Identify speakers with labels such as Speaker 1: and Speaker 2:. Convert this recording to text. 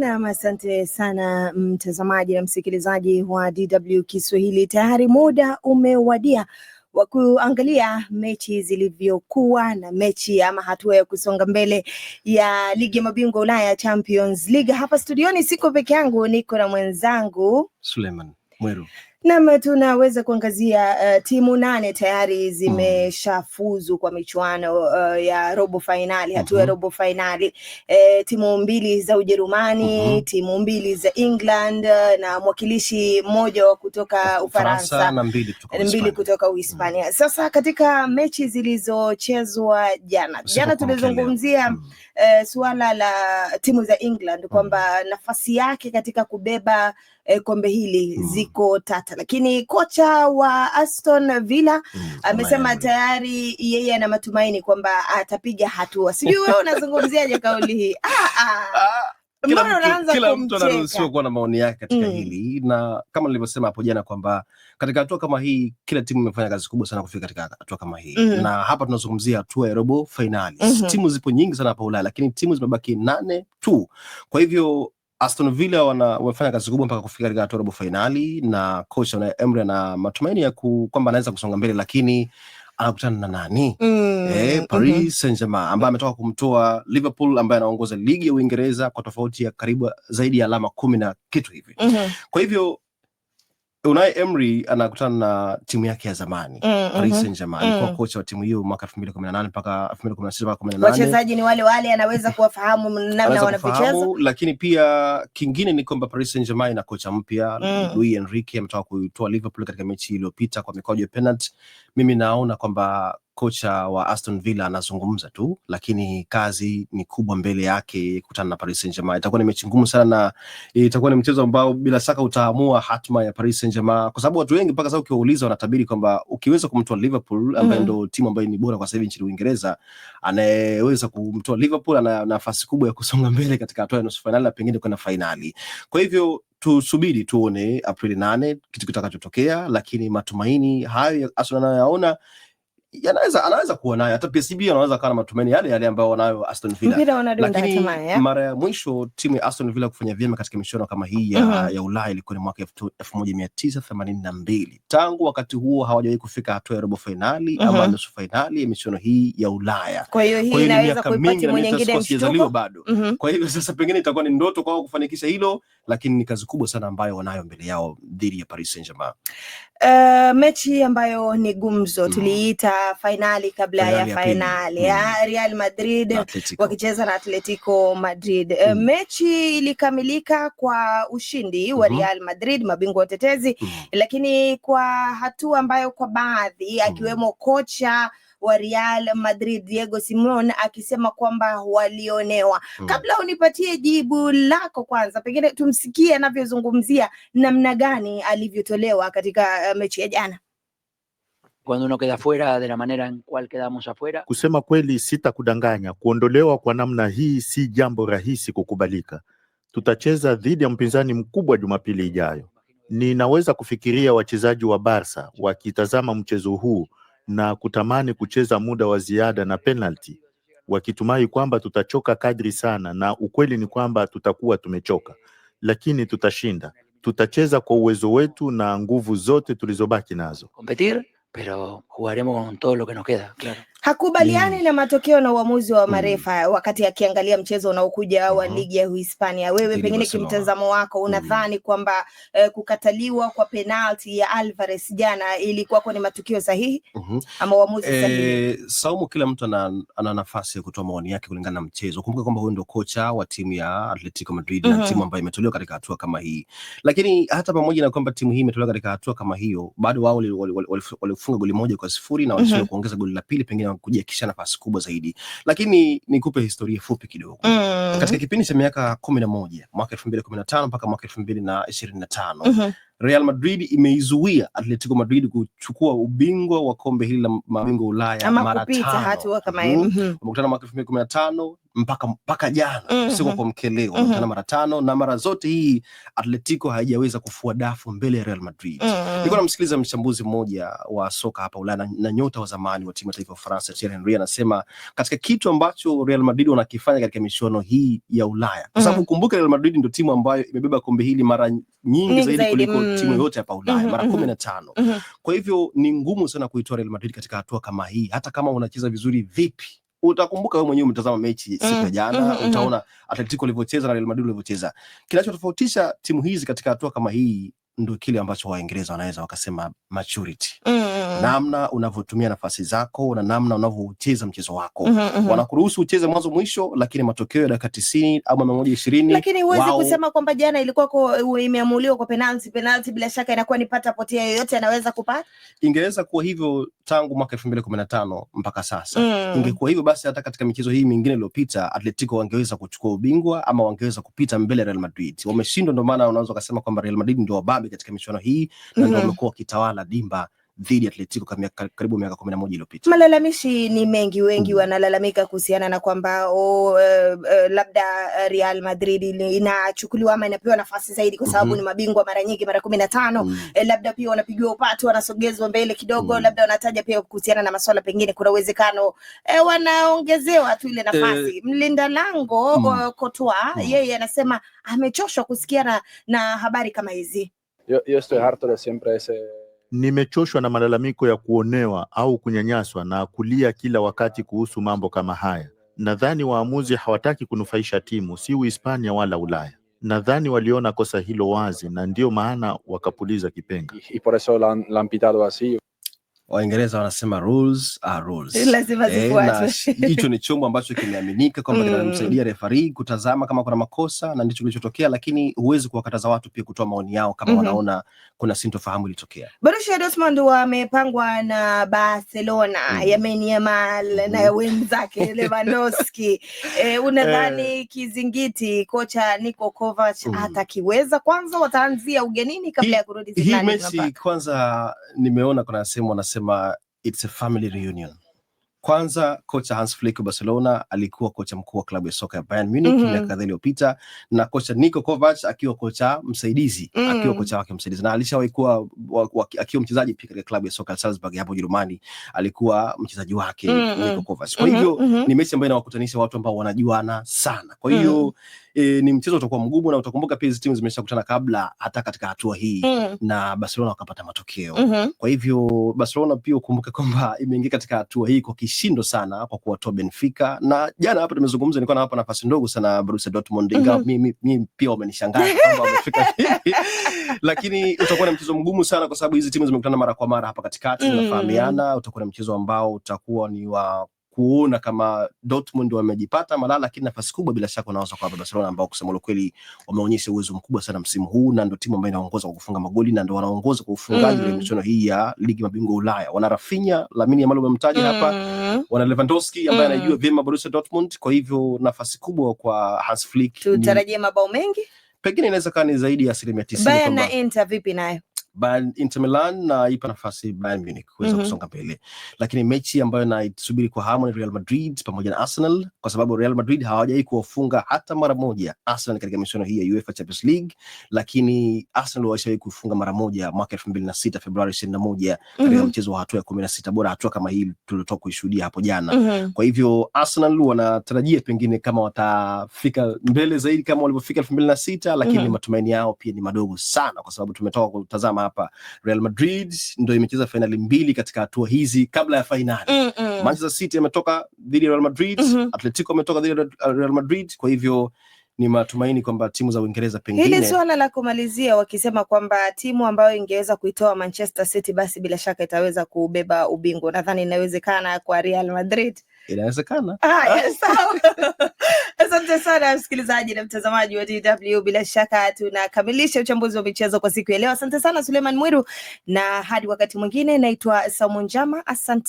Speaker 1: Naam, asante sana mtazamaji na msikilizaji wa DW Kiswahili. Tayari muda umewadia wa kuangalia mechi zilivyokuwa na mechi ama hatua ya kusonga mbele ya ligi ya mabingwa Ulaya, Champions League. Hapa studioni siko peke yangu, niko na mwenzangu
Speaker 2: Suleiman Mweru.
Speaker 1: Nam, tunaweza kuangazia uh, timu nane tayari hmm. zimeshafuzu kwa michuano uh, ya robo fainali, hatua ya hmm. robo fainali e, eh, timu mbili za Ujerumani mm -hmm. timu mbili za England na mwakilishi mmoja wa kutoka Ufaransa
Speaker 2: na mbili, mbili kutoka hmm. Uhispania.
Speaker 1: Sasa katika mechi zilizochezwa jana jana tulizungumzia mm -hmm eh, suala la timu za England kwamba mm. nafasi yake katika kubeba eh, kombe hili mm. ziko tata, lakini kocha wa Aston Villa mm, amesema tayari yeye ana matumaini kwamba atapiga hatua. Sijui wewe unazungumziaje kauli hii? ah, ah. ah
Speaker 2: kila mtu, kila mtu anaruhusiwa kuwa na maoni yake katika mm. hili na kama nilivyosema hapo jana kwamba katika hatua kama hii kila timu imefanya kazi kubwa sana kufika katika hatua kama hii mm na hapa tunazungumzia hatua ya robo fainali mm -hmm. timu zipo nyingi sana hapa Ulaya, lakini timu zimebaki nane tu. Kwa hivyo Aston Villa wamefanya kazi kubwa mpaka kufika katika hatua robo fainali, na kocha Unai Emery ana matumaini ya kwamba anaweza kusonga mbele, lakini anakutana na nani? mm, eh, mhm. Paris mm -hmm. Saint-Germain ambaye ametoka kumtoa Liverpool ambaye anaongoza ligi ya Uingereza kwa tofauti ya karibu zaidi ya alama kumi na kitu hivi mm -hmm. kwa hivyo Unai Emery anakutana na timu yake ya zamani mm, Paris mm-hmm. Saint-Germain. Mm, kocha wa timu hiyo mwaka 2018 mpaka 2016 mpaka 18.
Speaker 1: Wachezaji ni wale wale, anaweza kuwafahamu namna wanavyocheza.
Speaker 2: Lakini pia kingine ni kwamba Paris Saint-Germain na kocha mpya mm, Luis Enrique ametoka kuitoa Liverpool katika mechi iliyopita kwa mikwaju ya penalty. Mimi naona kwamba kocha wa Aston Villa anazungumza tu, lakini kazi ni kubwa mbele yake kukutana na Paris Saint-Germain. Itakuwa ni mechi ngumu sana na eh, itakuwa ni mchezo ambao bila shaka utaamua hatma ya Paris Saint-Germain, kwa sababu watu wengi mpaka sasa ukiwauliza wanatabiri kwamba ukiweza kumtoa Liverpool ambaye -hmm. ndio timu ambayo ni bora kwa sasa hivi nchini Uingereza, anayeweza kumtoa Liverpool ana nafasi kubwa ya kusonga mbele katika hatua ya nusu fainali na pengine kwenda fainali. Kwa hivyo tusubiri tuone Aprili nane kitu kitakachotokea, lakini matumaini hayo Arsenal anayoyaona yanaweza anaweza kuwa nayo hata PSV anaweza kuwa na matumaini yale yale ambayo wanayo Aston Villa, lakini eh? mara ya mwisho timu ya Aston Villa kufanya vyema katika michuano kama hii ya, mm -hmm. ya Ulaya ilikuwa ni mwaka elfu moja mia tisa themanini na mbili. Tangu wakati huo hawajawahi kufika hatua ya robo fainali mm -hmm. ama mhm. nusu fainali ya michuano hii ya Ulaya.
Speaker 1: Kwa hiyo hii inaweza kuipa timu nyingine mshtuko bado.
Speaker 2: mm -hmm. Kwa hiyo sasa pengine itakuwa ni ndoto kwao kufanikisha hilo, lakini ni kazi kubwa sana ambayo wanayo mbele yao dhidi ya Paris Saint-Germain.
Speaker 1: Uh, mechi ambayo ni gumzo mm. tuliita fainali kabla Finali ya fainali ya mm. Ah, Real Madrid Atletico. wakicheza na Atletico Madrid mm. uh, mechi ilikamilika kwa ushindi wa mm -hmm. Real Madrid mabingwa watetezi mm. lakini kwa hatua ambayo kwa baadhi mhm. akiwemo kocha wa Real Madrid Diego Simeone akisema kwamba walionewa. Mm. Kabla unipatie jibu lako kwanza, pengine tumsikie anavyozungumzia namna gani alivyotolewa katika eh, mechi ya jana.
Speaker 3: Cuando uno queda fuera de la manera en cual quedamos afuera.
Speaker 4: Kusema kweli, sitakudanganya, kuondolewa kwa namna hii si jambo rahisi kukubalika. Tutacheza dhidi ya mpinzani mkubwa Jumapili ijayo. Ninaweza kufikiria wachezaji wa Barca wakitazama mchezo huu na kutamani kucheza muda wa ziada na penalti, wakitumai kwamba tutachoka kadri sana, na ukweli ni kwamba tutakuwa tumechoka, lakini tutashinda. Tutacheza kwa uwezo wetu na nguvu zote tulizobaki nazo.
Speaker 3: Competir pero jugaremos con todo lo que nos queda, claro.
Speaker 1: Hakubaliani mm. na matokeo na uamuzi wa mm. marefa mm. wakati akiangalia mchezo unaokuja uh -huh. wa ligi ya Uhispania. Wewe pengine kimtazamo wako mm. unadhani mm. kwamba eh, kukataliwa kwa penalti ya Alvarez jana ilikuwa kwako ni matukio sahihi mm -hmm. ama uamuzi e, sahihi?
Speaker 2: Saumu, kila mtu ana, ana nafasi ya kutoa maoni yake kulingana na mchezo. Kumbuka kwamba huyu ndio kocha wa timu ya Atletico Madrid mm -hmm. na mhm. timu ambayo imetolewa katika hatua kama hii, lakini hata pamoja na kwamba timu hii imetolewa katika hatua kama hiyo, bado wao walifunga goli moja kwa sifuri na walisio mm -hmm. kuongeza goli la pili pengine kujiakisha nafasi kubwa zaidi, lakini nikupe historia fupi kidogo mm. katika kipindi cha miaka kumi na moja mwaka elfu mbili kumi na tano mpaka mwaka elfu mbili na ishirini na tano mm-hmm. Real Madrid imeizuia Atletico Madrid kuchukua ubingwa wa kombe hili la mabingwa Ulaya mara tano. Wamekutana mm-hmm. mwaka elfu mbili kumi na tano mpaka mpaka jana mm -hmm. usiku kwa mkeleo mm -hmm. mara tano na mara zote hii Atletico haijaweza kufua dafu mbele ya Real Madrid. mm -hmm. Nilikuwa namsikiliza mchambuzi mmoja wa soka hapa Ulaya na nyota wa zamani wa timu ya taifa ya Ufaransa Thierry Henry anasema katika kitu ambacho Real Madrid wanakifanya katika michuano hii ya Ulaya kwa sababu mm -hmm. kumbuka Real Madrid ndio timu ambayo imebeba kombe hili mara nyingi zaidi kuliko mm. -hmm. timu yote hapa Ulaya mm -hmm. mara mhm. kumi na tano mm -hmm. kwa hivyo ni ngumu sana kuitoa Real Madrid katika hatua kama hii, hata kama unacheza vizuri vipi utakumbuka wewe mwenyewe umetazama mechi siku ya mm, jana mm, -hmm. utaona Atletico walivyocheza na Real Madrid walivyocheza. Kinachotofautisha timu hizi katika hatua kama hii ndo kile ambacho Waingereza wanaweza wakasema maturity mm -hmm. namna unavyotumia nafasi zako na namna unavyoucheza mchezo wako mm -hmm. wanakuruhusu ucheze mwanzo mwisho, lakini matokeo ya dakika tisini au mia moja ishirini
Speaker 1: lakini huwezi wow. kusema kwamba jana ilikuwa kwa, imeamuliwa kwa penalti. Penalti bila shaka inakuwa ni pata potea, yoyote anaweza kupata.
Speaker 2: Ingeweza kuwa hivyo tangu mwaka elfu mbili kumi na tano mpaka sasa mm. ingekuwa hivyo basi, hata katika michezo hii mingine iliyopita Atletico wangeweza kuchukua ubingwa ama wangeweza kupita mbele ya Real Madrid. Wameshindwa, ndio maana unaweza ukasema kwamba Real Madrid ndio wababe katika michuano hii na ndio mhm. wamekuwa wakitawala dimba dhidi ya Atletico karibu miaka kumi na moja iliyopita.
Speaker 1: Malalamishi ni mengi, wengi mhm. wanalalamika kuhusiana na kwamba oh, uh, uh, labda eh, Real Madrid inachukuliwa ama inapewa nafasi zaidi kwa sababu mm -hmm. ni mabingwa mara nyingi mara kumi na tano mm -hmm. eh, labda pia wanapigiwa upatu wanasogezwa mbele kidogo mm -hmm. labda wanataja pia kuhusiana na maswala pengine kuna uwezekano eh, wanaongezewa tu ile nafasi eh, mlinda lango mm -hmm. Kotoa mm -hmm. yeye anasema amechoshwa kusikia na, na habari kama hizi
Speaker 5: Yo, yo estoy harto de siempre ese
Speaker 4: Nimechoshwa na malalamiko ya kuonewa au kunyanyaswa na kulia kila wakati kuhusu mambo kama haya. Nadhani waamuzi hawataki kunufaisha timu, si Uhispania wala Ulaya. Nadhani waliona kosa hilo wazi, na ndiyo maana wakapuliza kipenga. y,
Speaker 5: y por eso la la han pitado así.
Speaker 2: Waingereza wanasema rules are rules.
Speaker 1: Eh, lazima eh, zifuatwe.
Speaker 2: Hicho ni chombo ambacho kimeaminika kwamba mm. kinamsaidia refari kutazama kama kuna makosa na ndicho kilichotokea, lakini huwezi kuwakataza watu pia kutoa maoni yao kama mm -hmm. wanaona kuna sintofahamu ilitokea.
Speaker 1: Borussia Dortmund wamepangwa na Barcelona mm -hmm. ya Yamal mm -hmm. na wenzake Lewandowski. E, unadhani kizingiti kocha Niko Kovac mm -hmm. atakiweza? Kwanza wataanzia ugenini kabla ya kurudi.
Speaker 2: Hii mechi kwanza nimeona kuna sehemu wanasema anasema it's a family reunion. Kwanza kocha Hans Flick wa Barcelona alikuwa kocha mkuu wa klabu ya soka ya Bayern Munich mhm. miaka mm -hmm. kadhaa iliyopita, na kocha Niko Kovac akiwa kocha msaidizi mm -hmm. akiwa kocha wake msaidizi, na alishawahi kuwa akiwa mchezaji pia katika klabu ya soka ya Salzburg hapo Ujerumani, alikuwa mchezaji wake mm -hmm. Niko Kovac. Kwa mm-hmm. hivyo mm -hmm. ni mechi ambayo inawakutanisha watu ambao wanajuana sana, kwa mm. hiyo mm -hmm e, ni mchezo utakuwa mgumu, na utakumbuka pia hizi timu zimeshakutana kabla hata katika hatua hii mm. na Barcelona wakapata matokeo mm -hmm. Kwa hivyo Barcelona pia ukumbuke kwamba imeingia katika hatua hii kwa kishindo sana kwa kuwatoa Benfica, na jana hapo tumezungumza, nilikuwa nawapa nafasi ndogo sana Borussia Dortmund ingawa mm -hmm. mimi mi, mi, pia wamenishangaza kwamba wamefika lakini utakuwa na mchezo mgumu sana kwa sababu hizi timu zimekutana mara kwa mara hapa katikati, zinafahamiana mm. utakuwa na mchezo ambao utakuwa ni wa kuona kama Dortmund wamejipata malala, lakini nafasi kubwa bila shaka unaweza kwa Barcelona ambao kusema kweli wameonyesha uwezo mkubwa sana msimu huu na ndio timu ambayo inaongoza kwa kufunga magoli na ndio wanaongoza kwa ufungaji mm. michuano hii ya ligi mabingwa Ulaya. Wana Rafinha, Lamine Yamal umemtaja mm. hapa, wana Lewandowski ambaye mm. anajua vyema Borussia Dortmund, kwa hivyo nafasi kubwa kwa Hans Flick.
Speaker 1: Tutarajie mabao mengi,
Speaker 2: pengine inaweza kuwa ni zaidi ya asilimia tisini.
Speaker 1: Bayern na Inter vipi nayo?
Speaker 2: Bayern, Inter Milan naipa nafasi Bayern Munich kuweza mm -hmm. kusonga mbele, lakini mechi ambayo naisubiri kwa hamu ni Real Madrid pamoja na Arsenal kwa sababu Real Madrid hawajawahi kuwafunga hata mara moja Arsenal katika michuano hii ya UEFA Champions League, lakini Arsenal walishawahi kufunga mara moja mwaka elfu mbili na sita Februari ishirini na moja katika mm -hmm. mchezo wa hatua ya kumi na sita bora hatua kama hii tuliotoka kuishuhudia hapo jana mm -hmm. kwa hivyo Arsenal wanatarajia pengine kama watafika mbele zaidi kama walivyofika elfu mbili na sita lakini mm -hmm. matumaini yao pia ni madogo sana kwa sababu tumetoka kutazama kama hapa Real Madrid ndo imecheza fainali mbili katika hatua hizi kabla ya fainali mm -mm. Manchester City ametoka dhidi ya Real Madrid mm -hmm. Atletico ametoka dhidi ya Real Madrid, kwa hivyo ni matumaini kwamba timu za Uingereza pengine
Speaker 1: hili swala la kumalizia, wakisema kwamba timu ambayo ingeweza kuitoa Manchester City basi bila shaka itaweza kubeba ubingwa. Nadhani inawezekana kwa Real Madrid.
Speaker 2: Inawezekana.
Speaker 1: Ah, asante sana msikilizaji na mtazamaji wa DW, bila shaka tunakamilisha uchambuzi wa michezo kwa siku ya leo. Asante sana Suleiman Mwiru, na hadi wakati mwingine, naitwa Saumu Njama, asante.